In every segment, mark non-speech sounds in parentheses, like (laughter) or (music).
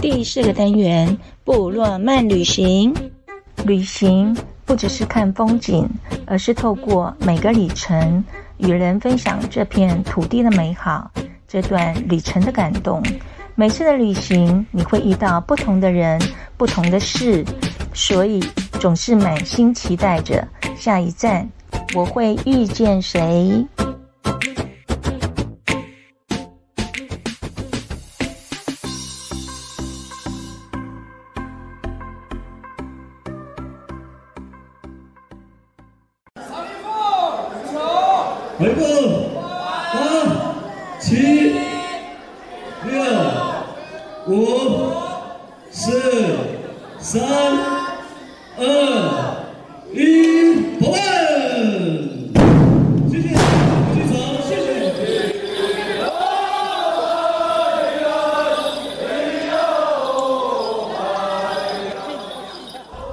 第四個單元：部落漫旅行。旅行不只是看風景，而是透過每個里程，與人分享這片土地的美好，這段旅程的感動。每次的旅行，你會遇到不同的人，不同的事，所以總是滿心期待着下一站，我會遇見誰？三二一，手來，步，三七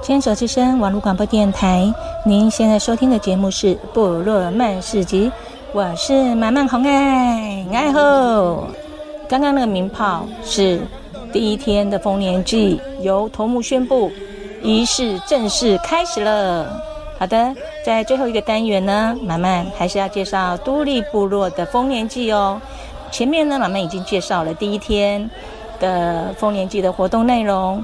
牽手之聲網絡廣播電台，您現在收聽的節目是《部落漫市集》，我是滿滿紅愛。哎呦，剛剛那個鳴炮是第一天的豐年祭，由頭目宣布儀式正式開始了。好的，在最後一個單元呢，滿滿還是要介紹都歷部落的豐年祭哦。前面呢，滿滿已經介紹了第一天的豐年祭的活動內容。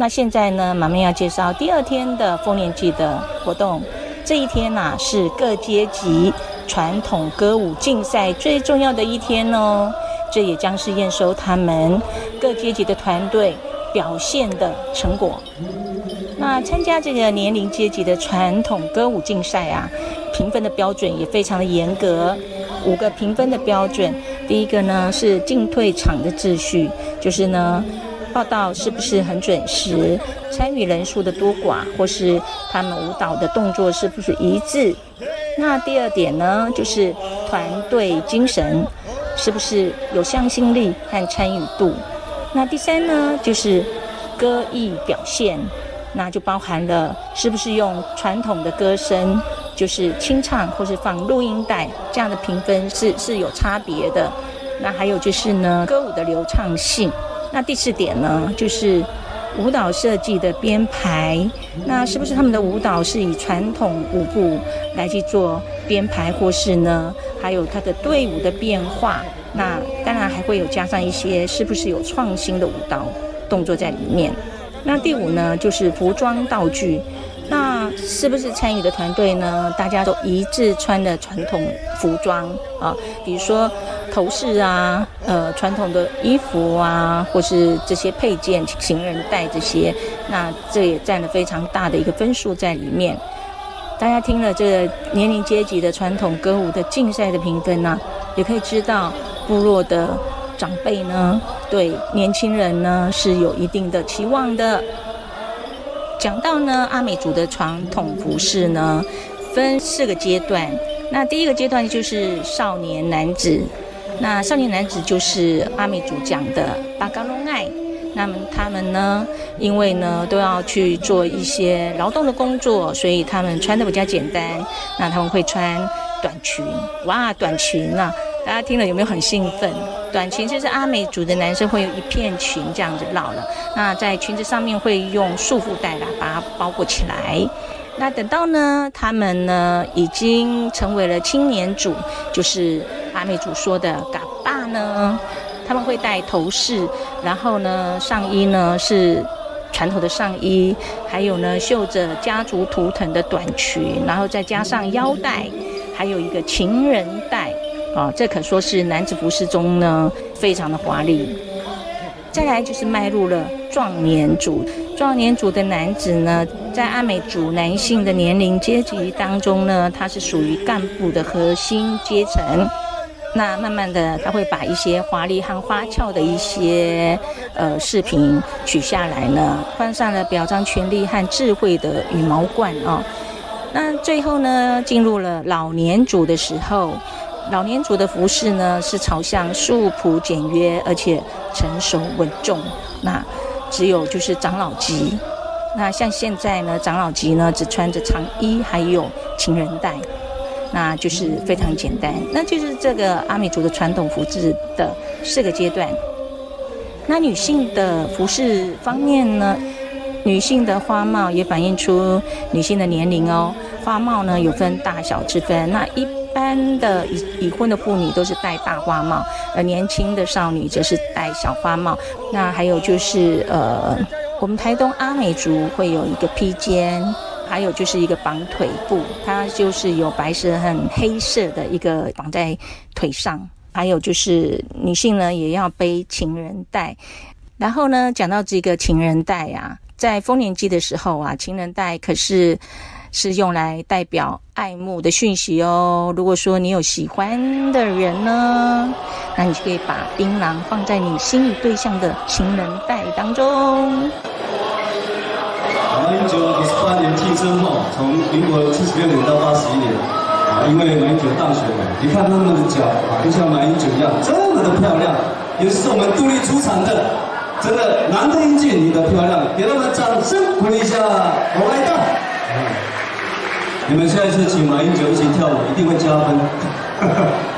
那現在呢，馬上要介紹第二天的豐年祭的活動。這一天吶、啊，是各階級傳統歌舞競賽最重要的一天哦。這也將是驗收他們各階級的團隊表現的成果。那參加這個年齡階級的傳統歌舞競賽啊，評分的標準也非常的嚴格。五個評分的標準，第一個呢是進退場的秩序，就是呢。報到是不是很準時？參與人數的多寡，或是他們舞蹈的動作是不是一致？那第二點呢，就是團隊精神，是不是有向心力和參與度？那第三呢，就是歌藝表現，那就包含了是不是用傳統的歌聲，就是清唱或是放錄音帶，這樣的評分是是有差別的。那還有就是呢，歌舞的流暢性。那第四點呢，就是舞蹈設計的編排。那是不是他們的舞蹈是以傳統舞步來去做編排，或是呢，還有他的隊伍的變化？那當然還會有加上一些是不是有創新的舞蹈動作在裡面。那第五呢，就是服裝道具。那是不是參與的團隊呢，大家都一致穿的傳統服裝啊，比如說。頭飾啊，呃，傳統的衣服啊，或是這些配件，行人帶這些，那這也占了非常大的一個分數在裡面。大家聽了這個年齡階級的傳統歌舞的競賽的評分呢，啊，也可以知道部落的長輩呢，對年輕人呢是有一定的期望的。講到呢，阿美族的傳統服飾呢，分四個階段。那第一個階段就是少年男子。那少年男子就是阿美族講的巴高龍愛。那麼他們呢，因為呢都要去做一些勞動的工作，所以他們穿的比較簡單。那他們會穿短裙，哇，短裙啊！大家聽了有沒有很興奮？短裙就是阿美族的男生會有一片裙這樣子繞了。那在裙子上面會用束縛帶來把它包裹起來。那等到呢，他們呢已經成為了青年組，就是。阿美族說的，嘎巴呢，他們會戴頭飾，然後呢上衣呢是傳統的上衣，還有呢繡着家族圖騰的短裙，然後再加上腰帶，還有一個情人帶啊，哦，這可說是男子服飾中呢非常的華麗。再來就是邁入了壯年組，壯年組的男子呢，在阿美族男性的年齡階級當中呢，他是屬於幹部的核心階層。那慢慢的，他會把一些華麗和花俏的一些呃飾品取下來呢，換上了表彰權力和智慧的羽毛冠哦。那最後呢，進入了老年組的時候，老年組的服飾呢是朝向素樸簡約，而且成熟穩重。那只有就是長老級。那像現在呢，長老級呢只穿着長衣，還有情人帶。那就是非常簡單，那就是這個阿美族的傳統服飾的四個階段。那女性的服飾方面呢，女性的花帽也反映出女性的年齡哦。花帽呢有分大小之分，那一般的已已婚的婦女都是戴大花帽，而年輕的少女則是戴小花帽。那還有就是呃，我們台東阿美族會有一個披肩。還有就是一個綁腿布，它就是有白色和黑色的一個綁在腿上。還有就是女性呢，也要背情人帶。然後呢，講到這個情人帶啊，在豐年祭的時候啊，情人帶可是是用來代表愛慕的訊息哦。如果說你有喜歡的人呢，那你就可以把檳榔放在你心儀對象的情人帶當中。啊之後，從民國七十六年到八十一年，啊，因為馬英九當選了。你看他們的腳，啊，就像馬英九一樣，這麼的漂亮。也是我們都歷出場的，真的難得一見，你的漂亮，給他們掌聲鼓勵一下，我們來跳。吧你們下一次請馬英九一起跳舞，一定會加分。 (laughs)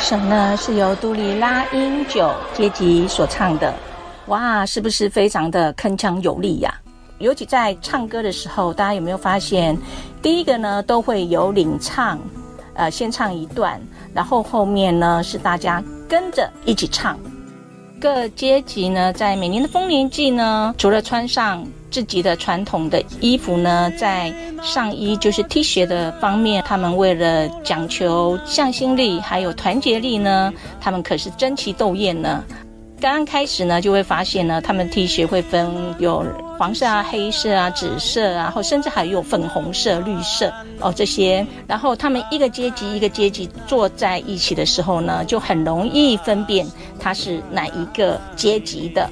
神呢，是由都里拉英九階級所唱的。哇，是不是非常的鏗鏘有力呀、啊？尤其在唱歌的時候，大家有沒有發現，第一個呢都會有領唱，呃，先唱一段，然後後面呢是大家跟着一起唱。各階級呢在每年的豐年祭呢，除了穿上自己的傳統的衣服呢，在上衣就是 T 恤的方面，他們為了講求向心力，還有團結力呢，他們可是爭奇鬥豔呢。剛剛開始呢，就會發現呢，他們 T 恤會分有黃色啊、黑色啊、紫色啊，然後甚至還有粉紅色、綠色哦這些。然後他們一個階級一個階級坐在一起的時候呢，就很容易分辨它是哪一個階級的。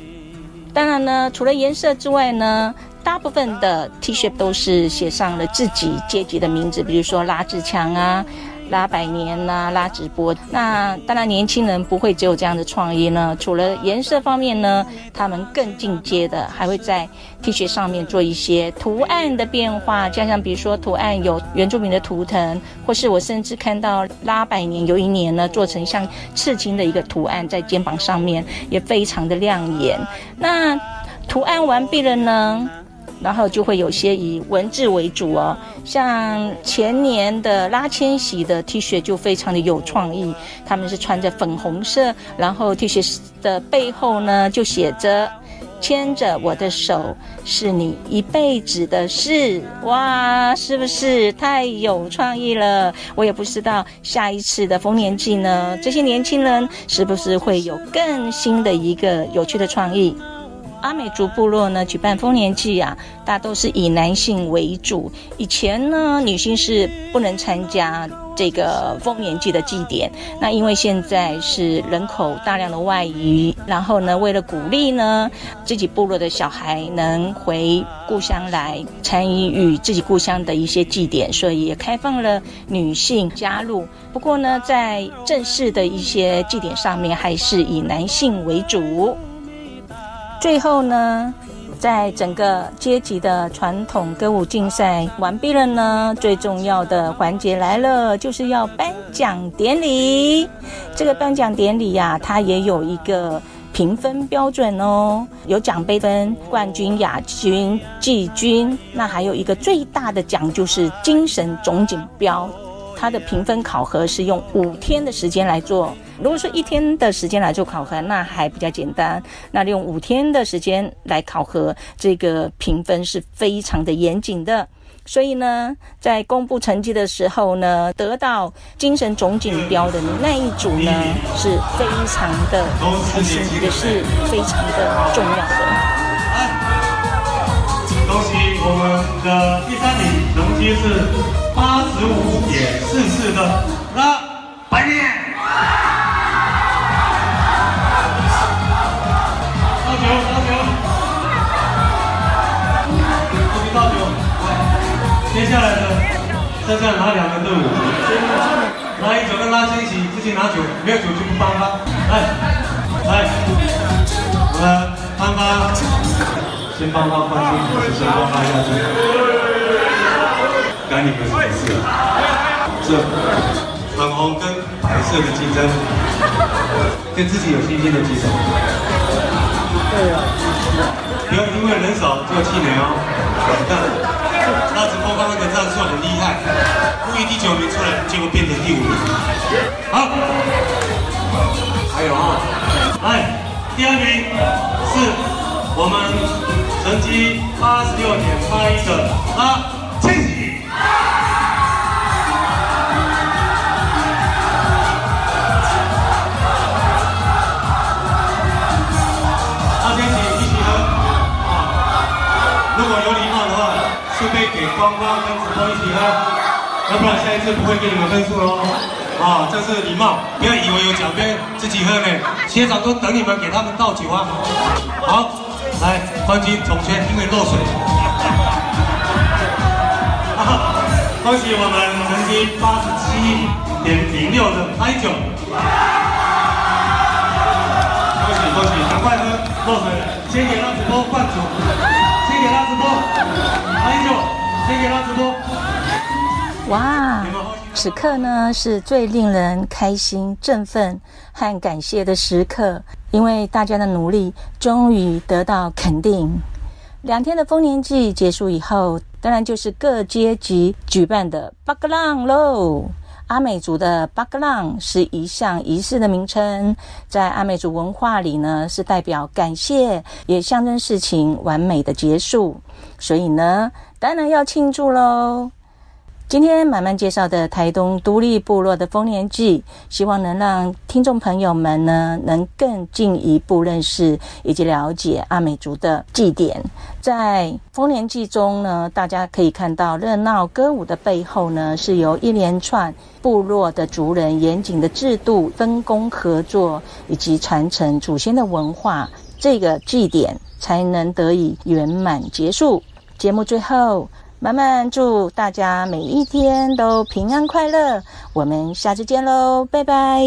當然呢，除了顏色之外呢。大部分的 T 恤都是寫上了自己階級的名字，比如說拉志強啊、拉百年啊、拉直播。那當然，年輕人不會只有這樣的創意呢。除了顏色方面呢，他們更進階的還會在 T 恤上面做一些圖案的變化，加上比如說圖案有原住民的圖騰，或是我甚至看到拉百年有一年呢，做成像刺青的一個圖案在肩膀上面，也非常的亮眼。那圖案完畢了呢？然後就會有些以文字為主哦，像前年的拉千禧的 T 恤就非常的有創意，他們是穿着粉紅色，然後 T 恤的背後呢就寫着“牽着我的手是你一輩子的事”，哇，是不是太有創意了？我也不知道下一次的豐年祭呢，這些年輕人是不是會有更新的一個有趣的創意。阿美族部落呢，舉辦豐年祭啊，大都是以男性為主。以前呢，女性是不能參加這個豐年祭的祭典。那因為現在是人口大量的外移，然後呢，為了鼓勵呢，自己部落的小孩能回故鄉來參與與自己故鄉的一些祭典，所以也開放了女性加入。不過呢，在正式的一些祭典上面，還是以男性為主。最後呢，在整個階級的傳統歌舞競賽完畢了呢，最重要的環節來了，就是要頒獎典禮。這個頒獎典禮呀、啊，它也有一個評分標準哦，有獎杯分冠軍、亞軍、季軍，那還有一個最大的獎就是精神總錦標。它的評分考核是用五天的時間來做，如果說一天的時間來做考核，那還比較簡單。那用五天的時間來考核，這個評分是非常的嚴謹的。所以呢，在公布成績的時候呢，得到精神總錦標的那一組呢，你是非常的開心，是也是非常的重要的。恭喜我們的第三名龍基是。八十五點四四的，拉白年！倒酒，倒酒，我給倒酒。接下來的，剩下拿兩個隊伍來，酒跟拉線一起，自己拿酒，沒有酒就不幫了。來，來，我們幫幫，先幫幫關心女先幫他壓她。該你們主持了。這粉紅跟白色的競爭，對自己有信心的舉手。對啊。不要因為人少就氣餒哦。那直播方那個戰術很厲害，故意第九名出來，結果變成第五名。好。還有啊。來第二名是我們成績八十六點八一的阿慶。光光跟主播一起喝，要不然下一次不會給你們分數嘍。啊，這是禮貌，不要以為有獎杯自己喝呢。學長都等你們給他們倒酒啊。好，來冠軍總拳，因為落水、啊。恭喜我們成績八十七點零六的 i 九、啊。恭喜恭喜，趕快喝，落水先給他主播灌足。謝謝老師。哇，此刻呢是最令人開心、振奮和感謝的時刻，因為大家的努力終於得到肯定。兩天的豐年祭結束以後，當然就是各階級舉辦的巴格朗嘍。阿美族的巴格朗是一項儀式的名稱，在阿美族文化裡呢，是代表感謝，也象徵事情完美的結束。所以呢，當然要慶祝嘍！今天慢慢介紹的台東都歷部落的豐年祭，希望能讓聽眾朋友們呢能更進一步認識以及了解阿美族的祭典。在豐年祭中呢，大家可以看到熱鬧歌舞的背後呢，是由一連串部落的族人嚴謹的制度、分工合作以及傳承祖先的文化，這個祭典才能得以圓滿結束。節目最後，漫漫祝大家每一天都平安快樂。我們下次見嘍，拜拜。